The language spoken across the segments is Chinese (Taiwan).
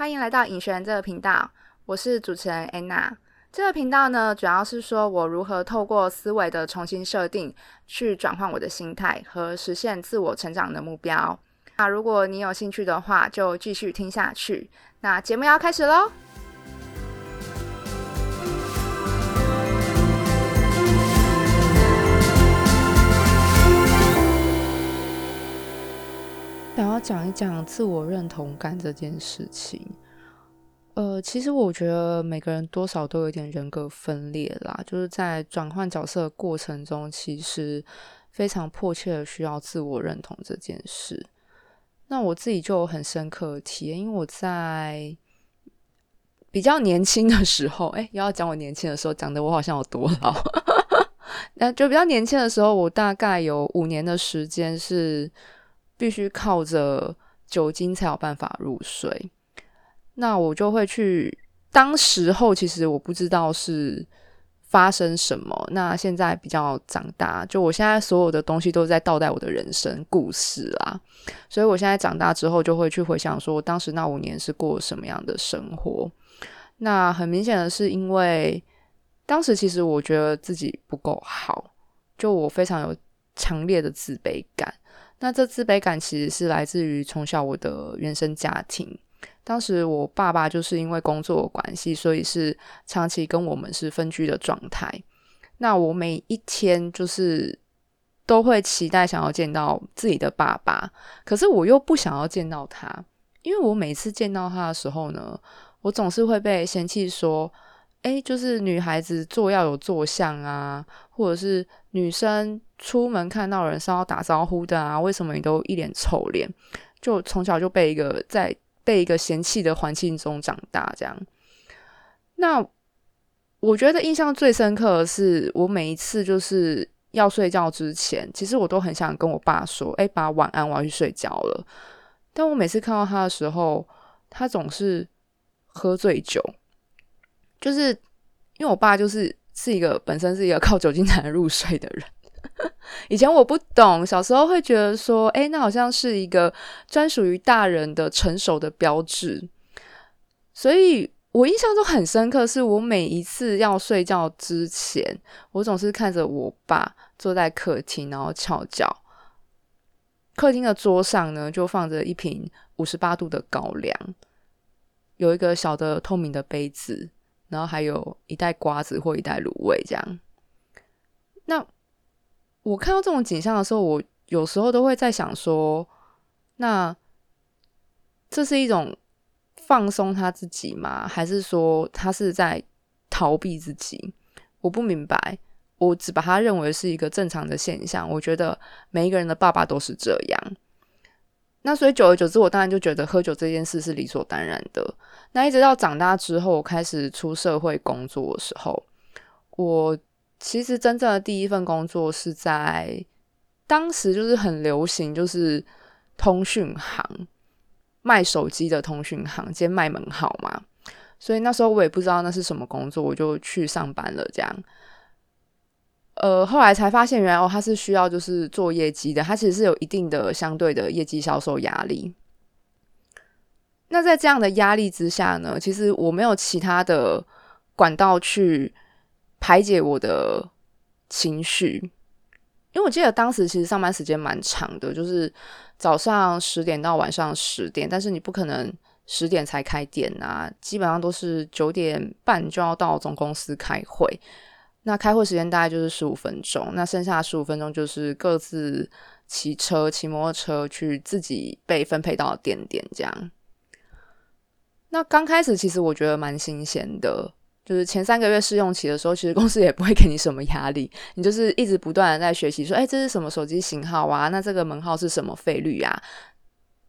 歡迎來到癮學人這個頻道，我是主持人安娜。這個頻道呢，主要是說我如何透過思維的重新設定，去轉換我的心態和實現自我成長的目標。那如果你有興趣的話，就繼續聽下去。那節目要開始嘍。想要講一講自我認同感這件事情，呃，其實我覺得每個人多少都有一點人格分裂啦，就是在轉換角色的過程中，其實非常迫切的需要自我認同這件事。那我自己就很深刻的體驗，因為我在比較年輕的時候，哎、欸，要講我年輕的時候，講的我好像有多老，那 就比較年輕的時候，我大概有五年的時間是。必須靠着酒精才有辦法入睡。那我就會去，當時候，其實我不知道是發生什麼。那現在比較長大，就我現在所有的東西都在倒帶我的人生故事啦。所以我現在長大之後，就會去回想說，當時那五年是過什麼樣的生活。那很明顯的是，因為當時其實我覺得自己不夠好，就我非常有強烈的自卑感。那這自卑感其實是來自於從小我的原生家庭。當時我爸爸就是因為工作的關係，所以是長期跟我們是分居的狀態。那我每一天就是都會期待想要見到自己的爸爸，可是我又不想要見到他，因為我每次見到他的時候呢，我總是會被嫌棄說。哎，就是女孩子坐要有坐相啊，或者是女生出門看到人是要打招呼的啊，為什麼你都一臉臭臉？就從小就被一個在被一個嫌棄的環境中長大，這樣。那我覺得印象最深刻的是，我每一次就是要睡覺之前，其實我都很想跟我爸說：“哎，爸，晚安，我要去睡覺了。”但我每次看到他的時候，他總是喝醉酒。就是因為我爸就是是一個本身是一個靠酒精才能入睡的人， 以前我不懂，小時候會覺得說，哎、欸，那好像是一個專屬於大人的成熟的標誌。所以我印象中很深刻，是我每一次要睡覺之前，我總是看着我爸坐在客廳，然後翹腳，客廳的桌上呢就放着一瓶五十八度的高粱，有一個小的透明的杯子。然後還有一袋瓜子或一袋滷味這樣。那我看到這種景象的時候，我有時候都會在想說，那這是一種放鬆他自己嗎？還是說他是在逃避自己？我不明白，我只把他認為是一個正常的現象，我覺得每一個人的爸爸都是這樣。那所以久而久之，我當然就覺得喝酒這件事是理所當然的。那一直到長大之後，開始出社會工作的時候，我其實真正的第一份工作是在當時就是很流行，就是通訊行賣手機的通訊行，兼賣門號嘛。所以那時候我也不知道那是什麼工作，我就去上班了這樣。呃，後來才發現原來哦，他是需要就是做業績的，他其實是有一定的相對的業績銷售壓力。那在這樣的壓力之下呢，其實我沒有其他的管道去排解我的情緒，因為我記得當時其實上班時間蠻長的，就是早上十點到晚上十點，但是你不可能十點才開店啊，基本上都是九點半就要到總公司開會，那開會時間大概就是十五分鐘，那剩下十五分鐘就是各自騎車、騎摩托車去自己被分配到的店點，這樣。那剛開始其實我覺得蠻新鮮的，就是前三個月試用期的時候，其實公司也不會給你什麼壓力，你就是一直不斷的在學習，說，哎、欸，這是什麼手機型號啊？那這個門號是什麼費率啊？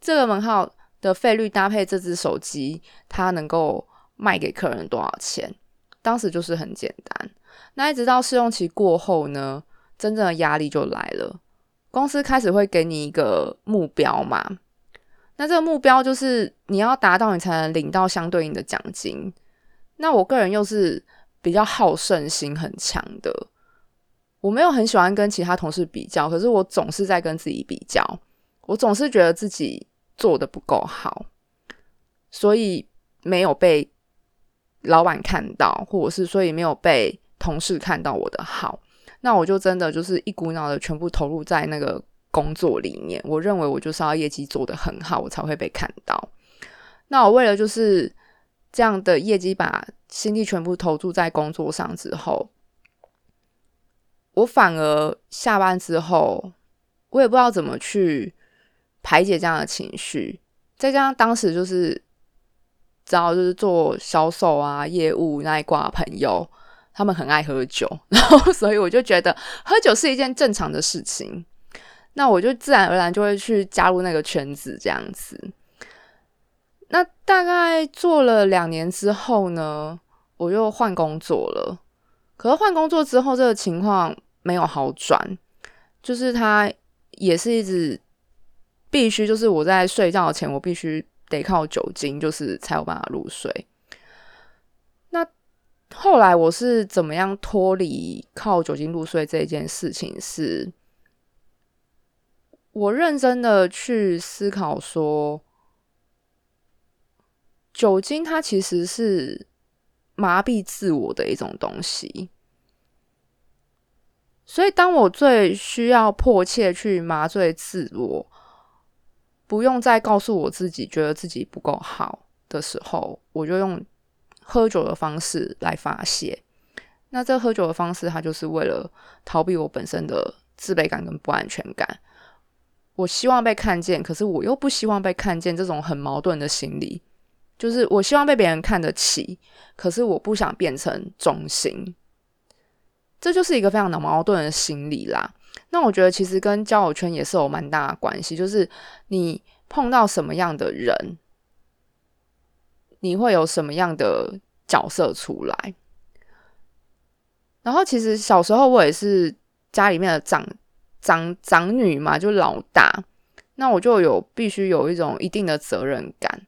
這個門號的費率搭配這只手機，它能夠賣給客人多少錢？當時就是很簡單。那一直到試用期過後呢，真正的壓力就來了，公司開始會給你一個目標嘛。那這個目標就是你要達到，你才能領到相對應的獎金。那我個人又是比較好勝心很強的，我沒有很喜歡跟其他同事比較，可是我總是在跟自己比較，我總是覺得自己做得不夠好，所以沒有被老闆看到，或者是所以沒有被同事看到我的好，那我就真的就是一股腦的全部投入在那個。工作裡面，我認為我就是要業績做得很好，我才會被看到。那我為了就是這樣的業績，把精力全部投注在工作上之後，我反而下班之後，我也不知道怎麼去排解這樣的情緒。再加上當時就是，只要就是做銷售啊、業務那一掛朋友，他們很愛喝酒，然後所以我就覺得喝酒是一件正常的事情。那我就自然而然就會去加入那個圈子，這樣子。那大概做了兩年之後呢，我又換工作了。可是換工作之後，這個情況沒有好轉，就是他也是一直必須，就是我在睡覺前，我必須得靠酒精，就是才有辦法入睡。那後來我是怎麼樣脫離靠酒精入睡這件事情是？我認真的去思考說，酒精它其實是麻痹自我的一種東西。所以，當我最需要迫切去麻醉自我，不用再告訴我自己覺得自己不夠好的時候，我就用喝酒的方式來發洩。那這喝酒的方式，它就是為了逃避我本身的自卑感跟不安全感。我希望被看見，可是我又不希望被看見，這種很矛盾的心理，就是我希望被別人看得起，可是我不想變成中心，這就是一個非常矛盾的心理啦。那我覺得其實跟交友圈也是有蠻大的關係，就是你碰到什麼樣的人，你會有什麼樣的角色出來。然後其實小時候我也是家裡面的長。長長女嘛，就老大，那我就有必須有一種一定的責任感。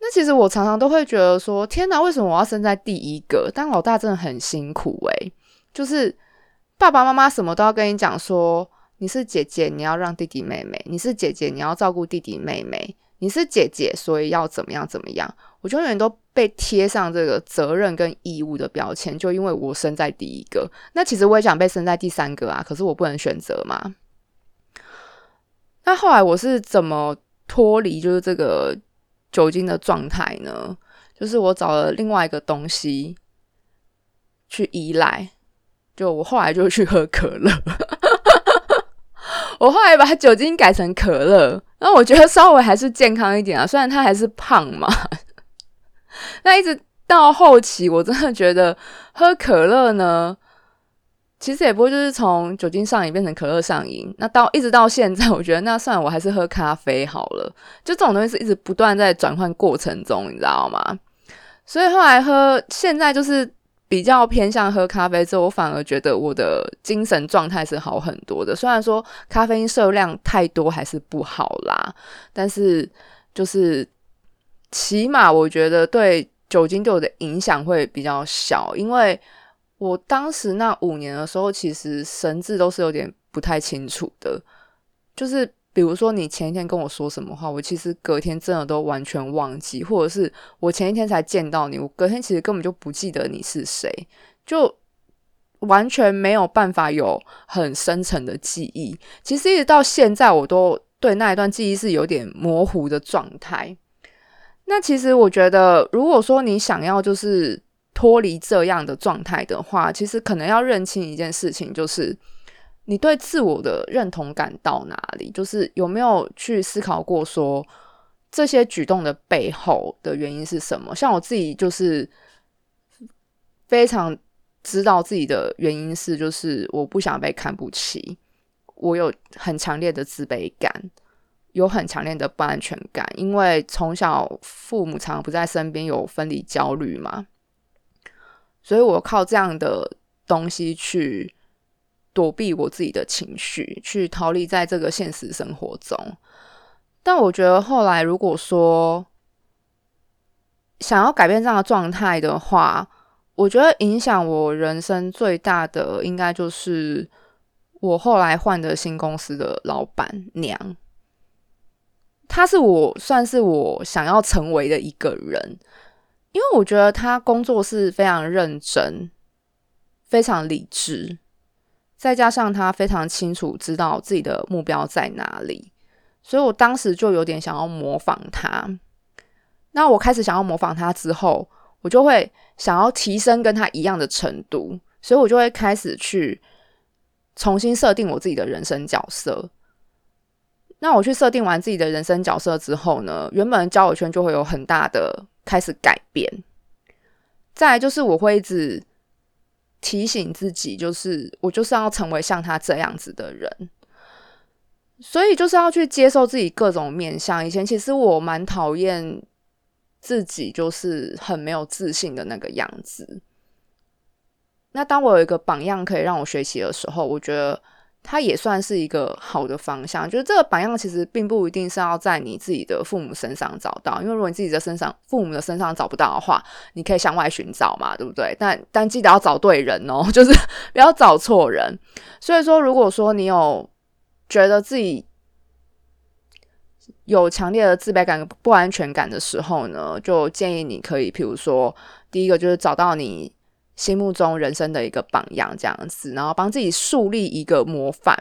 那其實我常常都會覺得說，天哪，為什麼我要生在第一個？但老大真的很辛苦誒。就是爸爸媽媽什麼都要跟你講，說你是姐姐，你要讓弟弟妹妹；你是姐姐，你要照顧弟弟妹妹；你是姐姐，所以要怎麼樣怎麼樣。我就永遠都。被貼上這個責任跟義務的標籤，就因為我生在第一個。那其實我也想被生在第三個啊，可是我不能選擇嘛。那後來我是怎麼脫離就是這個酒精的狀態呢？就是我找了另外一個東西去依賴，就我後來就去喝可樂， 我後來把酒精改成可樂，那我覺得稍微還是健康一點啊，雖然他還是胖嘛。那一直到後期，我真的覺得喝可樂呢，其實也不會就是從酒精上癮變成可樂上癮。那到一直到現在，我覺得那算了，我還是喝咖啡好了。就這種東西是一直不斷在轉換過程中，你知道嗎？所以後來喝，現在就是比較偏向喝咖啡之後，我反而覺得我的精神狀態是好很多的。雖然說咖啡因攝入量太多還是不好啦，但是就是。起碼我覺得對酒精對我的影響會比較小，因為我當時那五年的時候，其實神智都是有點不太清楚的。就是比如說，你前一天跟我說什麼話，我其實隔天真的都完全忘記；或者是我前一天才見到你，我隔天其實根本就不記得你是誰，就完全沒有辦法有很深層的記憶。其實一直到現在，我都對那一段記憶是有點模糊的狀態。那其實我覺得，如果說你想要就是脫離這樣的狀態的話，其實可能要認清一件事情，就是你對自我的認同感到哪裡，就是有沒有去思考過說這些舉動的背後的原因是什麼？像我自己就是非常知道自己的原因是，就是我不想被看不起，我有很強烈的自卑感。有很強烈的不安全感，因為從小父母常不在身邊，有分離焦慮嘛。所以我靠這樣的東西去躲避我自己的情緒，去逃離在這個現實生活中。但我覺得後來，如果說想要改變這樣的狀態的話，我覺得影響我人生最大的，應該就是我後來換的新公司的老板娘。他是我，算是我想要成為的一個人，因為我覺得他工作是非常認真、非常理智，再加上他非常清楚知道自己的目標在哪裡，所以我當時就有點想要模仿他。那我開始想要模仿他之後，我就會想要提升跟他一樣的程度，所以我就會開始去重新設定我自己的人生角色。那我去設定完自己的人生角色之後呢，原本的交友圈就會有很大的開始改變。再來就是我會一直提醒自己，就是我就是要成為像他這樣子的人，所以就是要去接受自己各種面相。以前其實我蠻討厭自己，就是很沒有自信的那個樣子。那當我有一個榜樣可以讓我學習的時候，我覺得。它也算是一個好的方向，就是這個榜樣其實並不一定是要在你自己的父母身上找到，因為如果你自己的身上、父母的身上找不到的話，你可以向外尋找嘛，對不對？但但記得要找對人哦，就是不要找錯人。所以說，如果說你有覺得自己有強烈的自卑感和不安全感的時候呢，就建議你可以，譬如說，第一個就是找到你。心目中人生的一個榜樣這樣子，然後幫自己樹立一個模範。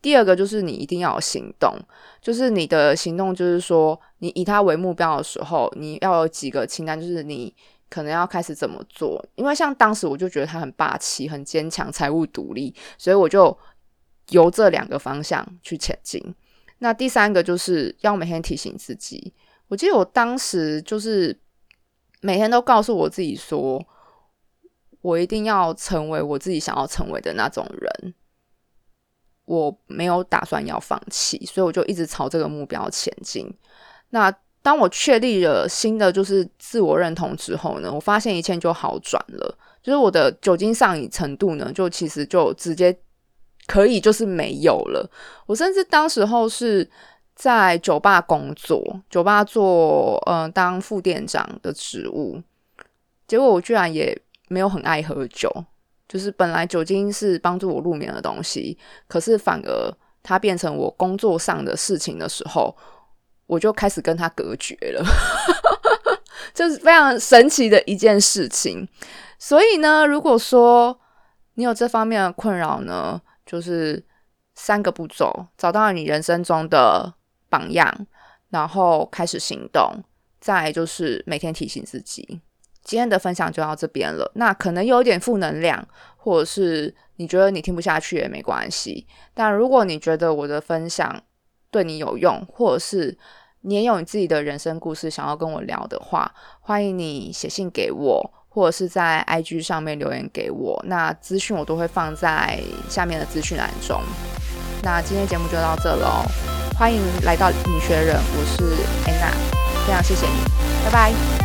第二個就是你一定要有行動，就是你的行動，就是說你以他為目標的時候，你要有幾個清單，就是你可能要開始怎麼做。因為像當時我就覺得他很霸氣、很堅強、財務獨立，所以我就由這兩個方向去前進。那第三個就是要每天提醒自己。我記得我當時就是每天都告訴我自己說。我一定要成為我自己想要成為的那種人，我沒有打算要放棄，所以我就一直朝這個目標前進。那當我確立了新的就是自我認同之後呢，我發現一切就好轉了，就是我的酒精上癮程度呢，就其實就直接可以就是沒有了。我甚至當時候是在酒吧工作，酒吧做嗯、呃、當副店長的職務，結果我居然也。沒有很愛喝酒，就是本來酒精是幫助我入眠的東西，可是反而它變成我工作上的事情的時候，我就開始跟它隔絕了，這 是非常神奇的一件事情。所以呢，如果說你有這方面的困擾呢，就是三個步驟：找到你人生中的榜樣，然後開始行動，再就是每天提醒自己。今天的分享就到這邊了。那可能有一點負能量，或者是你覺得你聽不下去也沒關係。但如果你覺得我的分享對你有用，或者是你也有你自己的人生故事想要跟我聊的話，歡迎你寫信給我，或者是在 IG 上面留言給我。那資訊我都會放在下面的資訊欄中。那今天節目就到這嘍。歡迎來到癮學人，我是 Anna。非常謝謝你，拜拜。